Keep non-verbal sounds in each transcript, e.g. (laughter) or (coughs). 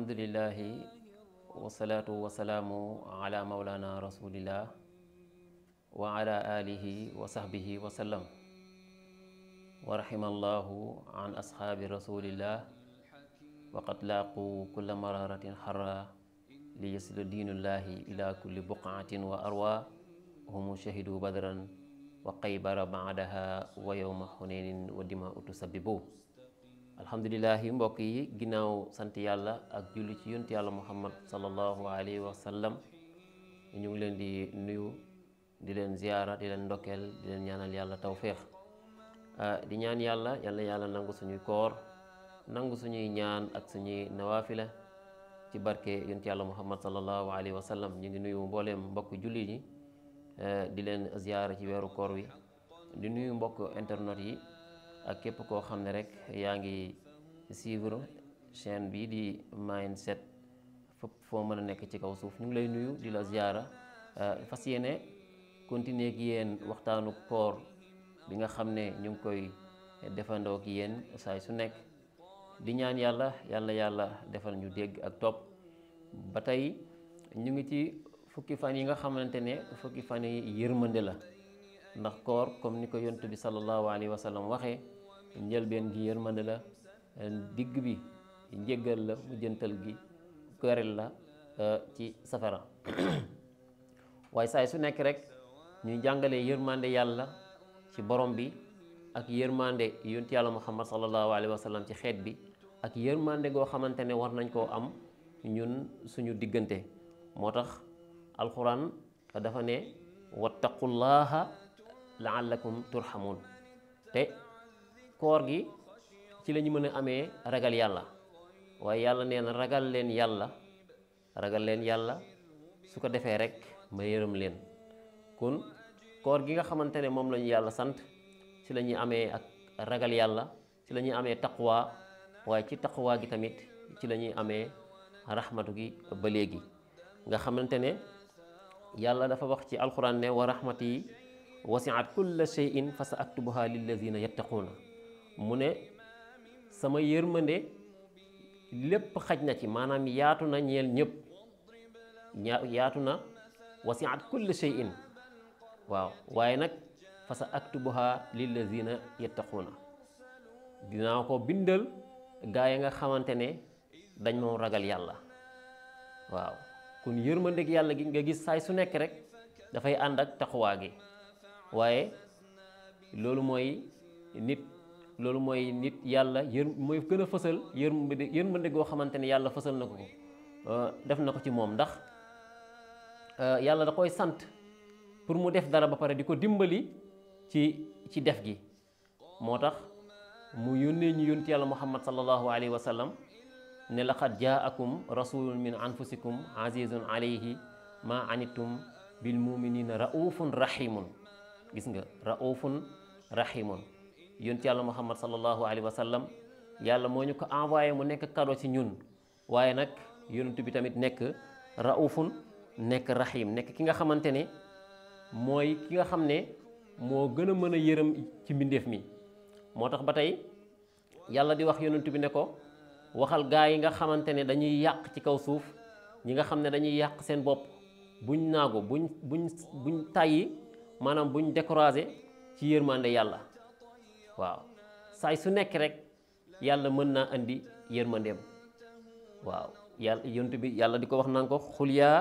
alhamdulilahi wasalaatu wasalaamu ala maulana rasulillah wa ala alihi wa sahbihi wa sallam wa rahimallahu an ashaabi rasulillah waqad laaqu kulla mararatin xarra li yasilu diinullahi ila kulli buqaatin wa arwa humu shahidu badran wa qaybara baadaha wa yowma xunenin wa dima utu sabibu alhamdulilahi mbokk yi ginnaaw sant yàlla ak julli ci yonent yàlla muhammad sallallahu alayhi wa sallam ñu ngi leen di nuyu di leen ziyaara di leen ndokkeel di leen ñaanal yàlla tawféex ah, di ñaan yàlla yàlla yàlla nangu suñuy koor nangu suñuy ñaan ak suñuy nawaafila ci barke yonent yàlla muhammad sallallahu alayhi wa sallam ñu ngi nuyu mbooleem mbokk julli yi eh, di leen ziyaara ci weeru koor wi di nuyu mbokk internet yi ak képp koo xam ne rek yaa ngi suivre chaîne bii di Mindset fépp foo mën a nekk ci kaw suuf ñu ngi lay nuyu di la ziara euh, fas yéene continue ak yéen waxtaanu koor bi nga xam ne ñu ngi koy defandoo ak saay su nekk di ñaan yàlla yàlla yàlla defal ñu dégg ak topp ba tey ñu ngi ci fukki fan yi nga xamante ne fukki fan yi yërmande la ndax koor comme ni ko yontu bi sallallahu alayhi wa sallam waxee njëlbeen gi yërmande la digg bi njéggal la mujjantal gi goreel la euh, ci safara (coughs) waaye saay su nekk rek ñuy jàngale yërmande yàlla ci borom bi ak yërmande ci yàlla muhammad sallallahu alayhi wa sallam ci xeet bi ak yërmande goo xamante ne war nañ koo am ñun suñu diggante moo tax alxuraan dafa ne wattaqullaha laallakum turhamun te koor gi ci la ñu mën amee ragal yàlla waaye yàlla nee ragal leen yàlla ragal leen yàlla su ko defee rek ma yërëm leen kon koor gi nga xamante ne moom la yàlla sant ci la ñuy amee ak ragal yàlla ci la ñuy amee taqwaa waaye ci taqwaa gi tamit ci la ñuy amee rahmatu gi ba léegi nga xamante ne yàlla dafa wax ci alxuraan ne wa rahmati wasiat kulla shay'in fa sa aktubuha lillazina yattaquuna mu ne sama yërmande lépp xaj na ci maanaam yaatu na ñeel ñëpp yaatu na wasiat kulli shay'in waaw waaye nag fa sa aktubuha lillazina yattaquuna dinaa ko bindal gaa yi nga xamante ne dañ moom ragal yàlla waaw kon yërmandeeg yàlla gi nga gis saay su nekk rek dafay ànd ak taxuwaa gi waaye loolu mooy nit loolu mooy nit yàlla yër mooy gën a fësal yërmande yërmande goo xamante ne yàlla fësal na ko ko euh, def na ko ci moom ndax euh, yàlla da koy sant pour mu def dara ba pare di ko dimbali ci ci def gi moo tax mu yónnee ñu yónti yàlla muhammad sallallahu alayhi wa la ne laqad jaakum rasulun min anfusikum azizun alayhi ma anittum bil muminina raufun rahimun gis nga raufun rahimun yonent yàlla muhammad sallallahu alayhi wa sallam yàlla moo ñu ko envoyé mu nekk cadeau ci ñun waaye nag yonent bi tamit nekk raufun nekk rahim nekk ki nga xamante ne mooy ki nga xam ne moo gën a mën a yërëm ci mbindeef mi moo tax ba tey yàlla di wax yonent bi ne ko waxal gaa yi nga xamante ne dañuy yàq ci kaw suuf ñi nga xam ne dañuy yàq seen bopp buñ naagu buñ buñ tàyyi maanaam buñ découragé ci yërmande yàlla waaw saay su nekk rek yàlla mën naa andi yërmandeem waaw yàlla yontu bi yàlla di ko wax naan ko xul yaa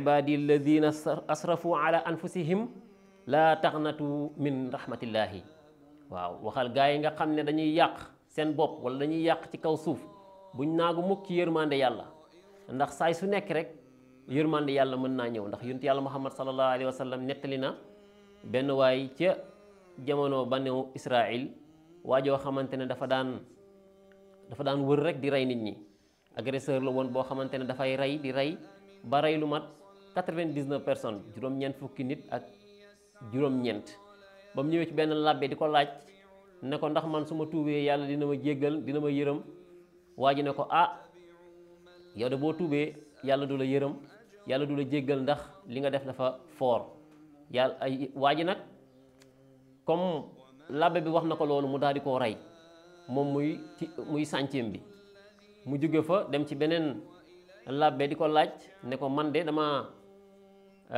ibadi alladina asrafu ala anfusihim laa taxnatu min rahmatillahi waaw waxal gaa yi nga xam ne dañuy yàq seen bopp wala dañuy yàq ci kaw suuf buñ naagu mukk ci yërmande yàlla ndax saay su nekk rek yërmande yàlla mën naa ñëw ndax yontu yàlla muhammad sallallahu alayhi wa sallam nettali na benn waay ca jamono banewu Israil waa joo xamante ne dafa daan dafa daan wër rek di rey nit ñi agresseur la woon boo xamante ne dafay rey di rey ba rey lu mat quatre vingt dix juróom-ñeent fukki nit ak juróom-ñeent ba mu ñëwee ci benn làbbe di ko laaj ne ko ndax man su ma tuubee yàlla dina ma jéggal dina ma yërëm waa ji ne ko ah yow de boo tuubee yàlla du la yërëm yàlla du la jéggal ndax li nga def dafa foor yàlla ay waa ji nag comme làbbe bi wax na ko loolu mu daal di rey moom muy ci muy centième bi mu jóge fa dem ci beneen làbbe di ko laaj ne ko man de dama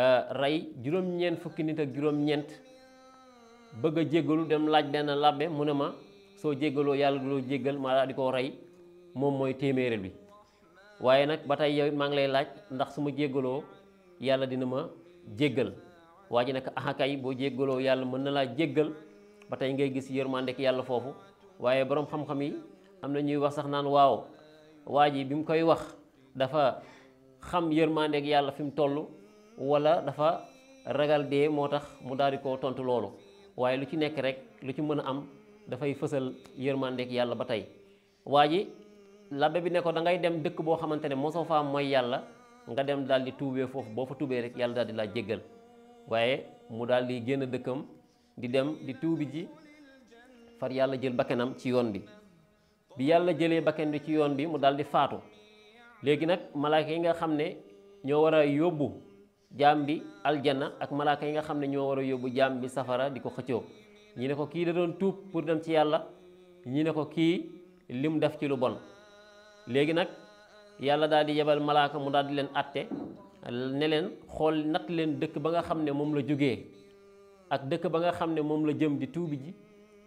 euh, rey juróom-ñeent fukki nit ak juróom-ñeent bëgg a jéggalu dem laaj benn làbbe mu ne ma soo jéggaloo yàlla du loo jéggal ma daal di koo rey moom mooy téeméeréel bi waaye nag ba tey yow maa ngi lay laaj ndax su ma jéggaloo yàlla dina ma jéggal waa ji nag axakay boo jéggaloo yàlla mën na laa jéggal ba tey ngay gis yërmandek yàlla foofu waaye boroom xam-xam yi am na ñuy wax sax naan waaw waa ji bi mu koy wax dafa xam yërmandek yàlla fi mu toll wala dafa ragal moo tax mu daal di koo tontu loolu waaye lu ci nekk rek lu ci mën a am dafay fësal yërmandek yàlla ba tey waa ji labbe bi ne ko da dem dëkk boo xamante ne mosoo faa mooy yàlla nga dem daal di tuubee foofu boo fa tuubee rek yàlla daal di laa jéggal waaye mu daal di génn dëkkam di dem di tuubi ji far yàlla jël bakkanam ci yoon bi bi yàlla jëlee bakkan bi ci yoon bi mu daal di faatu léegi nag malaaka yi nga xam ne ñoo war a yóbbu jaam bi aljanna ak malaaka yi nga xam ne ñoo war a yóbbu jaam bi safara di ko xëccoo ñi ne ko kii da doon tuub pour dem ci yàlla ñi ne ko kii lim def ci lu bon léegi nag yàlla daal di yebal malaaka mu daal di leen atte ne leen xool natt leen dëkk ba nga xam ne moom la jógee ak dëkk ba nga xam ne moom la jëm di tuubi ji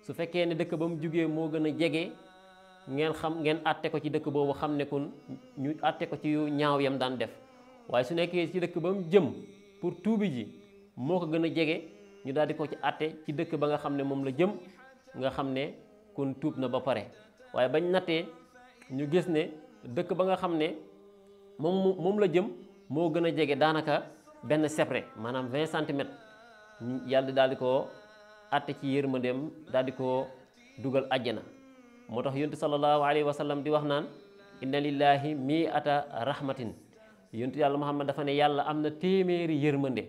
su fekkee ne dëkk ba mu jógee moo gën a jege ngeen xam ngeen àtte ko ci dëkk boobu xam ne kon ñu àtte ko ci yu ñaaw yam daan def waaye su nekkee ci dëkk ba mu jëm pour tuubi ji moo ko gën a jege ñu daal di ko ci àtte ci dëkk ba nga xam ne moom la jëm nga xam ne kon tuub na ba pare waaye bañ nattee ñu gis ne dëkk ba nga xam ne moom moom la jëm moo gën a jege daanaka benn sepre maanaam vingt centimètres yàlla daal di ko atte ci yërmandeem daal di ko dugal àjjana moo tax yontu sallallahu alayhi wa sallam di wax naan inna lillahi mi ata rahmatin yontu yàlla Muhammad dafa ne yàlla am na téeméeri yërmande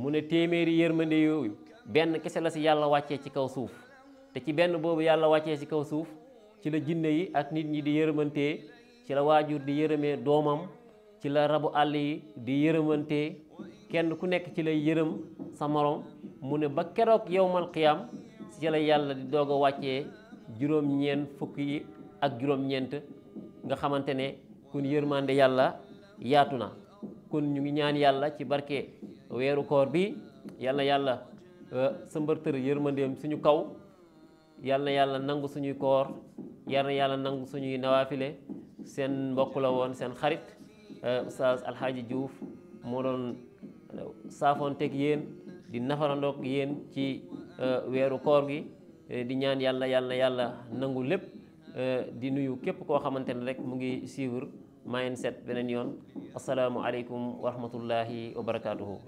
mu ne téeméeri yërmande yooyu benn kese la si yàlla wàccee ci kaw suuf te ci benn boobu yàlla wàccee ci kaw suuf ci la jinne yi ak nit ñi di yërmantee ci la waajur di yërëmee doomam ci la rabu àll yi di yërëmantee kenn ku nekk ci lay yërëm sa morom mu ne ba keroog yowmal qiyaam ci la yàlla di doog a wàccee juróom-ñeent fukk yi ak juróom-ñeent nga xamante ne kun yërmande yàlla yaatu na kon ñu ngi ñaan yàlla ci barke weeru koor bi yàlla yàlla euh, sa mbërtër yërmandeem suñu kaw yàlla yàlla nangu suñuy koor yàlla yàlla nangu suñuy nawaafile seen mbokk la woon seen xarit Euh, Oustaz Alxaaji Diouf moo doon euh, saafoonteeg yéen di nafarandoog yéen ci euh, weeru koor gi di ñaan yàlla yàlla yàlla nangu lépp di nuyu képp koo xamante ne rek mu ngi suivre Mayenne 7 beneen yoon asalaamualeykum wa rahmatullahi wa barakaatuhu.